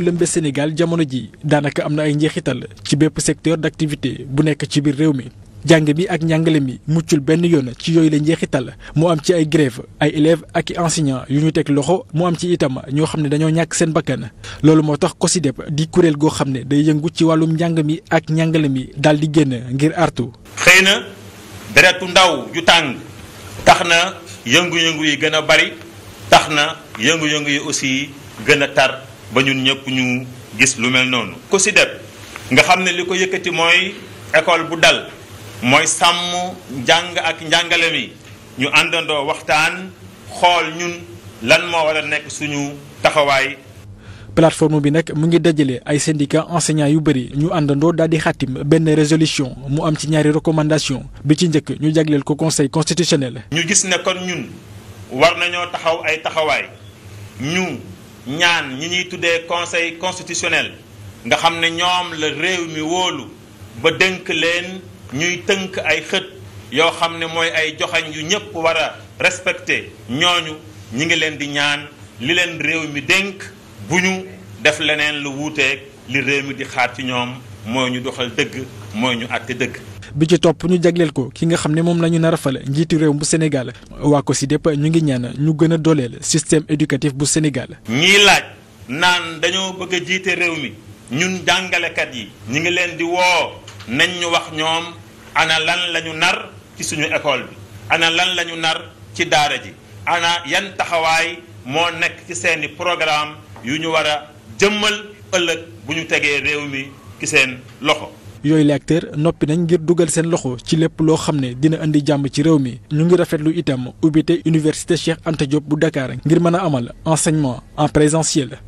moo Sénégal jamono ji daanaka am na ay njeexital ci bépp secteur d'activité bu nekk ci biir réew mi jàng mi ak jàngale mi muccul benn yoon ci yooyu la njeexital mu am ci ay grève ay élèves ak i enseignants yu ñu teg loxo mu am ci itam ñoo xam ne dañoo ñàkk seen bakkan loolu moo tax COSYDEP di kuréel goo xam ne day yëngu ci wàllum njàng mi ak njàngale mi daal di génn ngir artu. xëy na deretu ndaw yu tàng tax na yëngu-yëngu yi gën a bari tax na yëngu-yëngu yi aussi gën a ba ñun ñëpp ñu gis lu mel noonu ku si def nga xam ne li ko yëkkati mooy école bu dal mooy sàmm njàng ak njàngale mi ñu àndandoo waxtaan xool ñun lan moo war a nekk suñu taxawaay plateforme bi nag mu ngi dajale ay syndicat enseignants yu bëri ñu àndandoo daal di xaatim benn résolution mu am ci ñaari recommandation bi ci njëkk ñu jagleel ko conseil constitutionnel. ñu gis ne kon ñun war nañoo taxaw ay taxawaay ñu ñaan ñi ñuy tuddee conseil constitutionnel nga xam ne ñoom la réew mi woolu ba dénk leen ñuy tënk ay xët yoo xam ne mooy ay joxañ yu ñëpp war a respecté ñooñu ñi ngi leen di ñaan li leen réew mi dënk bu ñu def leneen lu wuuteeg li réew mi di xaar ci ñoom mooy ñu doxal dëgg mooy ñu àtte dëgg bi ci topp ñu jagleel ko ki nga xam ne moom la ñu nar fal njiitu réew bu Sénégal waa ko si dépp ñu ngi ñaan ñu gën a dooleel système éducatif bu Sénégal. ñii laaj naan dañoo bëgg a jiite réew mi ñun jàngalekat yi ñu ngi leen di woo nañ ñu wax ñoom ana lan la ñu nar ci suñu école bi ana lan la ñu nar ci daara ji ana yan taxawaay moo nekk ci seeni programme yu ñu war a jëmmal ëllëg bu ñu tegee réew mi ci seen loxo. yooyu la noppi nañ ngir dugal seen loxo ci lépp loo xam ne dina indi jàmm ci réew mi ñu ngi rafetlu itam ubbite université Cheikh Anta Diop bu Dakar ngir mën a amal enseignement en présentiel.